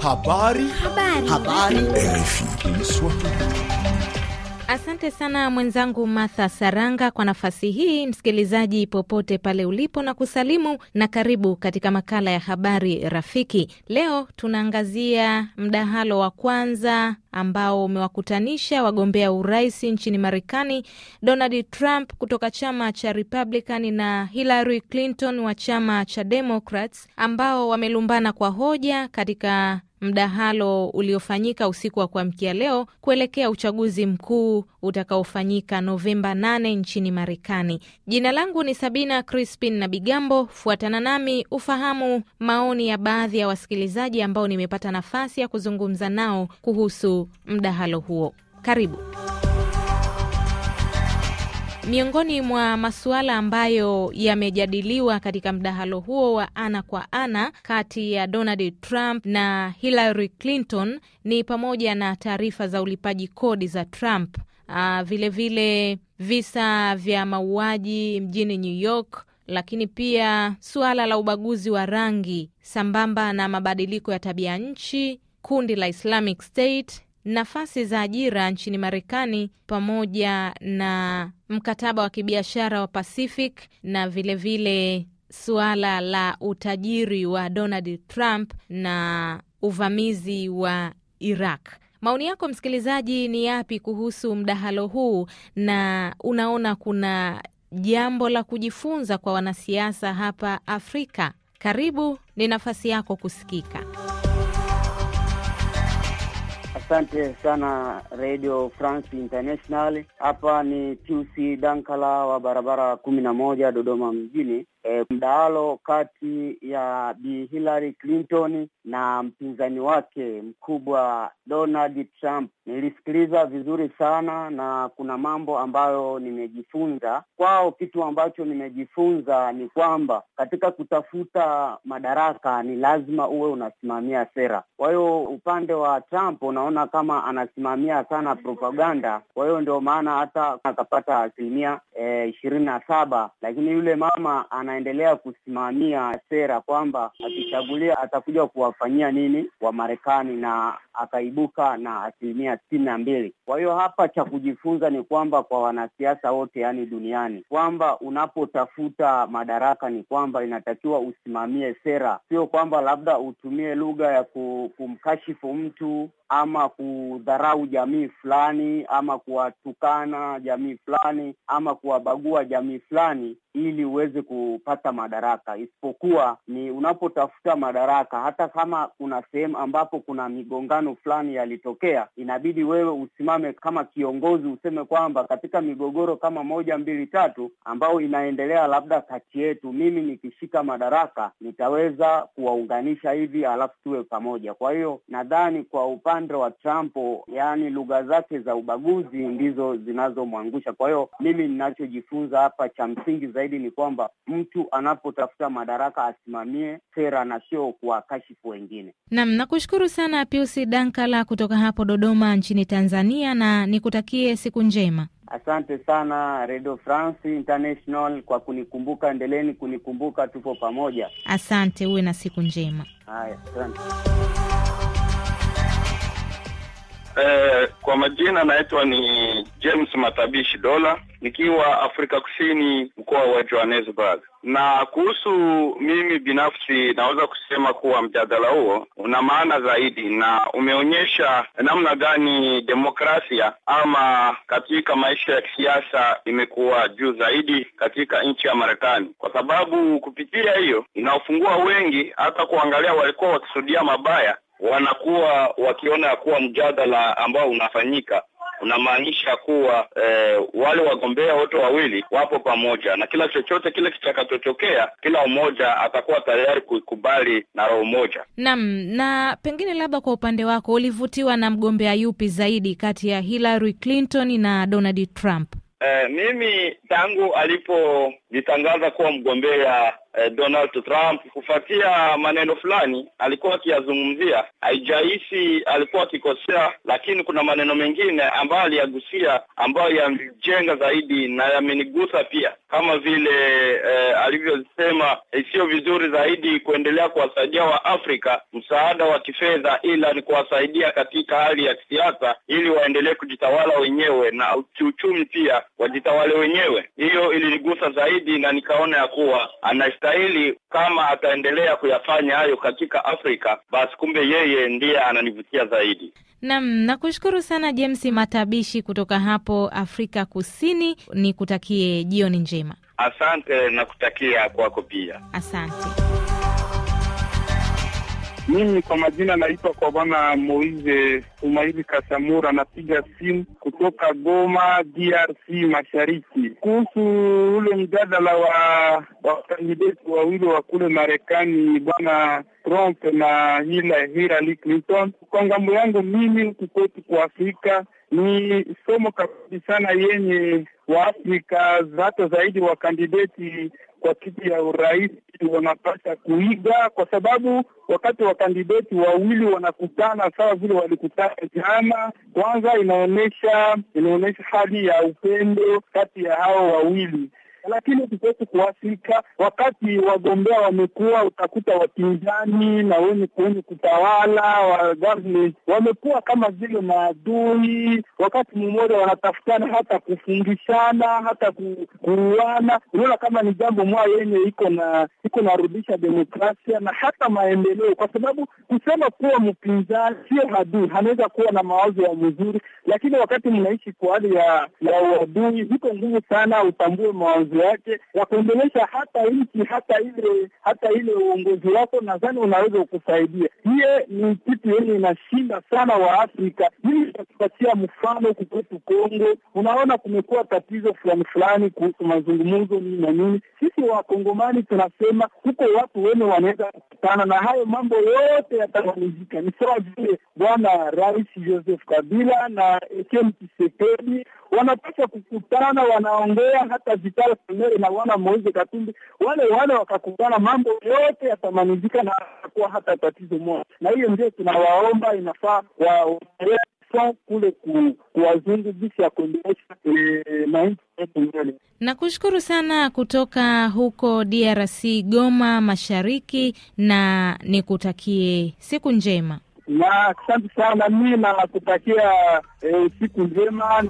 Habari. Habari. Habari. Asante sana mwenzangu Martha Saranga kwa nafasi hii. Msikilizaji popote pale ulipo, na kusalimu na karibu katika makala ya habari rafiki. Leo tunaangazia mdahalo wa kwanza ambao umewakutanisha wagombea urais nchini Marekani, Donald Trump kutoka chama cha Republican na Hillary Clinton wa chama cha Democrats, ambao wamelumbana kwa hoja katika mdahalo uliofanyika usiku wa kuamkia leo kuelekea uchaguzi mkuu utakaofanyika Novemba 8 nchini Marekani. Jina langu ni Sabina Crispin na Bigambo. Fuatana nami ufahamu maoni ya baadhi ya wasikilizaji ambao nimepata nafasi ya kuzungumza nao kuhusu mdahalo huo. Karibu. Miongoni mwa masuala ambayo yamejadiliwa katika mdahalo huo wa ana kwa ana kati ya Donald Trump na Hillary Clinton ni pamoja na taarifa za ulipaji kodi za Trump, vilevile ah, vile visa vya mauaji mjini New York, lakini pia suala la ubaguzi wa rangi sambamba na mabadiliko ya tabia nchi, kundi la Islamic State nafasi za ajira nchini Marekani pamoja na mkataba wa kibiashara wa Pacific na vilevile vile suala la utajiri wa Donald Trump na uvamizi wa Iraq. Maoni yako msikilizaji ni yapi kuhusu mdahalo huu, na unaona kuna jambo la kujifunza kwa wanasiasa hapa Afrika? Karibu, ni nafasi yako kusikika. Asante sana Radio France International. Hapa ni TC Dankala wa barabara kumi na moja Dodoma mjini e, mdahalo kati ya Bi Hillary Clinton na mpinzani wake mkubwa Donald Trump. Nilisikiliza vizuri sana na kuna mambo ambayo nimejifunza kwao. Kitu ambacho nimejifunza ni kwamba katika kutafuta madaraka ni lazima uwe unasimamia sera. Kwa hiyo upande wa Trump unaona kama anasimamia sana propaganda, kwa hiyo ndio maana hata akapata asilimia eh, ishirini na saba, lakini yule mama ana anaendelea kusimamia sera kwamba akichagulia atakuja kuwafanyia nini wa marekani na akaibuka na asilimia sitini na mbili. Kwa hiyo hapa cha kujifunza ni kwamba kwa wanasiasa wote, yaani duniani, kwamba unapotafuta madaraka ni kwamba inatakiwa usimamie sera, sio kwamba labda utumie lugha ya kumkashifu mtu ama kudharau jamii fulani ama kuwatukana jamii fulani ama kuwabagua jamii fulani ili uweze kupata madaraka, isipokuwa ni unapotafuta madaraka, hata kama kuna sehemu ambapo kuna migongano mapambano fulani yalitokea, inabidi wewe usimame kama kiongozi, useme kwamba katika migogoro kama moja mbili tatu ambayo inaendelea labda kati yetu, mimi nikishika madaraka nitaweza kuwaunganisha hivi, alafu tuwe pamoja. Kwa hiyo nadhani kwa upande wa Trump, yani lugha zake za ubaguzi ndizo zinazomwangusha. Kwa hiyo mimi ninachojifunza hapa cha msingi zaidi ni kwamba mtu anapotafuta madaraka asimamie sera na sio kuwakashifu wengine. Naam, nakushukuru sana Pius Dankala kutoka hapo Dodoma nchini Tanzania, na nikutakie siku njema. Asante sana Radio France International kwa kunikumbuka. endeleni kunikumbuka, tupo pamoja. Asante, uwe na siku njema. Haya, asante. Eh, kwa majina naitwa ni James Matabishi Dola nikiwa Afrika Kusini, mkoa wa Johannesburg. Na kuhusu mimi binafsi, naweza kusema kuwa mjadala huo una maana zaidi na umeonyesha namna gani demokrasia ama katika maisha ya kisiasa imekuwa juu zaidi katika nchi ya Marekani, kwa sababu kupitia hiyo inaofungua wengi hata kuangalia walikuwa wakisudia mabaya wanakuwa wakiona ya kuwa mjadala ambao unafanyika unamaanisha kuwa eh, wale wagombea wote wawili wapo pamoja, na kila chochote kile kitakachotokea, kila mmoja atakuwa tayari kuikubali na roho moja. Naam. Na pengine labda kwa upande wako ulivutiwa na mgombea yupi zaidi kati ya Hillary Clinton na Donald Trump? Eh, mimi tangu alipojitangaza kuwa mgombea eh, Donald Trump kufuatia maneno fulani alikuwa akiyazungumzia. Haijaishi alikuwa akikosea, lakini kuna maneno mengine ambayo aliyagusia ambayo yamjenga zaidi na yamenigusa pia, kama vile eh, alivyosema isiyo eh, vizuri zaidi kuendelea kuwasaidia wa Afrika msaada wa kifedha, ila ni kuwasaidia katika hali ya kisiasa ili waendelee kujitawala wenyewe na kiuchumi pia wajitawale wenyewe. Hiyo ilinigusa zaidi na nikaona ya kuwa ana anastahili kama ataendelea kuyafanya hayo katika Afrika, basi kumbe yeye ndiye ananivutia zaidi. nam nakushukuru sana James Matabishi kutoka hapo Afrika Kusini, nikutakie jioni njema. Asante, nakutakia kwako pia. Asante. Mimi kwa majina naitwa kwa bwana moise Umairi Kasamura, napiga simu kutoka Goma, DRC mashariki, kuhusu ule mjadala wa wakandideti wawili wa kule Marekani, bwana Trump na Hillary Clinton. Kwa ngambo yangu mimi huku kwetu kwa Afrika ni somo kabisa sana yenye Waafrika hata zaidi wakandideti kwa kiti ya urais wanapasha kuiga, kwa sababu wakati wa kandideti wawili wanakutana sawa vile walikutana jana, kwanza inaonesha inaonyesha hali ya upendo kati ya hao wawili lakini tukiwezi kuwafika wakati wagombea wamekuwa, utakuta wapinzani na wenye kwenye kutawala wa government wamekuwa kama vile maadui, wakati mmoja wanatafutana hata kufungishana hata kuuana. Unaona kama ni jambo mwa yenye iko na iko narudisha demokrasia na hata maendeleo, kwa sababu kusema kuwa mpinzani sio hadui, anaweza kuwa na mawazo ya mzuri lakini wakati mnaishi kwa hali ya ya uadui, iko ngumu sana utambue mawazo yake ya kuendelesha hata nchi hata ile hata ile uongozi wako, nadhani unaweza ukusaidia. Hiye ni kitu yenye inashinda sana wa Afrika. hili itatupatia mfano kukwetu Kongo, unaona kumekuwa tatizo fulani fulani kuhusu mazungumzo nini na nini. Sisi Wakongomani tunasema huko watu wene wanaweza kukutana na hayo mambo yote yatamalizika, ni sawa vile bwana Rais Joseph Kabila na na Etienne Tshisekedi wanapaswa kukutana, wanaongea hata Vital Kamerhe na wana Moise Katumbi, wale wale wakakutana, mambo yote yatamanizika na kuwa hata tatizo moja. Na hiyo ndio tunawaomba, inafaa wa kule kuwazungu jinsi ya kuendelesha eh, mainchi yetu mbele. Nakushukuru sana kutoka huko DRC Goma Mashariki, na nikutakie siku njema na asante sana, mi nakutakia e, siku njema.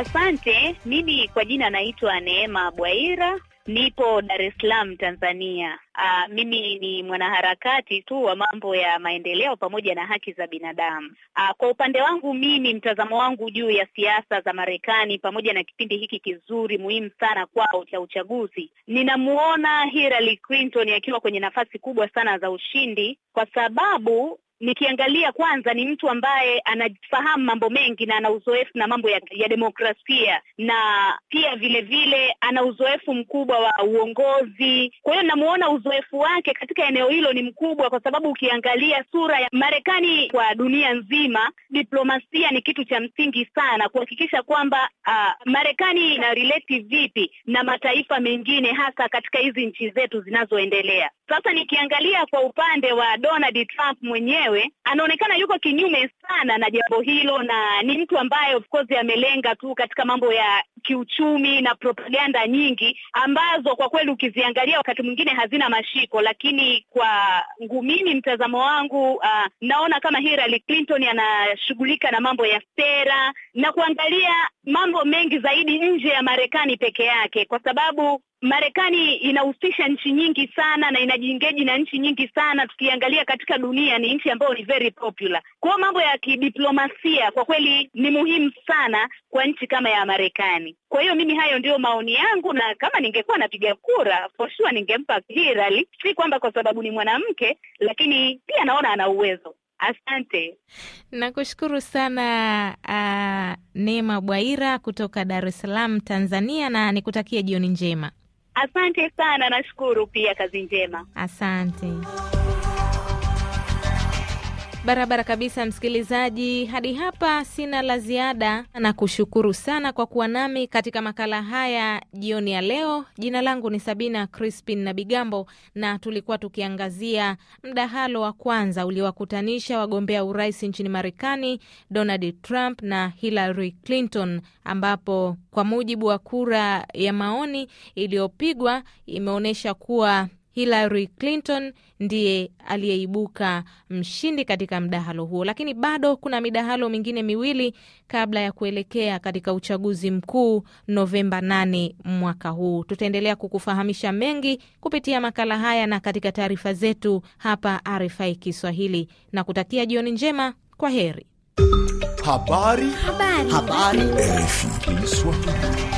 Asante. Mimi kwa jina naitwa Neema Bwaira, Nipo Dar es Salaam, Tanzania. Aa, ah, mimi ni mwanaharakati tu wa mambo ya maendeleo pamoja na haki za binadamu. Aa, ah, kwa upande wangu mimi, mtazamo wangu juu ya siasa za Marekani pamoja na kipindi hiki kizuri muhimu sana kwao cha uchaguzi, ninamuona Hillary Clinton akiwa kwenye nafasi kubwa sana za ushindi, kwa sababu nikiangalia kwanza, ni mtu ambaye anafahamu mambo mengi na ana uzoefu na mambo ya, ya demokrasia na pia vile vile ana uzoefu mkubwa wa uongozi. Kwa hiyo namuona uzoefu wake katika eneo hilo ni mkubwa, kwa sababu ukiangalia sura ya Marekani kwa dunia nzima, diplomasia ni kitu cha msingi sana kuhakikisha kwamba uh, Marekani ina rileti vipi na mataifa mengine, hasa katika hizi nchi zetu zinazoendelea. Sasa nikiangalia kwa upande wa Donald Trump mwenyewe mwenyewe anaonekana yuko kinyume sana na jambo hilo, na ni mtu ambaye of course amelenga tu katika mambo ya kiuchumi na propaganda nyingi ambazo kwa kweli ukiziangalia wakati mwingine hazina mashiko, lakini kwa ngumini, mtazamo wangu uh, naona kama Hillary Clinton anashughulika na mambo ya sera na kuangalia mambo mengi zaidi nje ya Marekani peke yake, kwa sababu Marekani inahusisha nchi nyingi sana na inajiengeji na nchi nyingi sana. Tukiangalia katika dunia, ni nchi ambayo ni very popular. Kwa hiyo mambo ya kidiplomasia kwa kweli ni muhimu sana kwa nchi kama ya Marekani. Kwa hiyo mimi, hayo ndiyo maoni yangu, na kama ningekuwa napiga kura, for sure ningempa Hillary, si kwamba kwa sababu ni mwanamke, lakini pia naona ana uwezo. Asante, nakushukuru sana uh, Neema Bwaira kutoka Dar es Salaam, Tanzania, na nikutakie jioni njema. Asante sana, nashukuru pia, kazi njema, asante. Barabara kabisa, msikilizaji. Hadi hapa sina la ziada na kushukuru sana kwa kuwa nami katika makala haya jioni ya leo. Jina langu ni Sabina Crispin na Bigambo, na tulikuwa tukiangazia mdahalo wa kwanza uliowakutanisha wagombea urais nchini Marekani, Donald Trump na Hillary Clinton, ambapo kwa mujibu wa kura ya maoni iliyopigwa imeonyesha kuwa Hillary Clinton ndiye aliyeibuka mshindi katika mdahalo huo, lakini bado kuna midahalo mingine miwili kabla ya kuelekea katika uchaguzi mkuu Novemba 8 mwaka huu. Tutaendelea kukufahamisha mengi kupitia makala haya na katika taarifa zetu hapa RFI Kiswahili, na kutakia jioni njema. Kwa heri. Habari. Habari. Habari. Habari.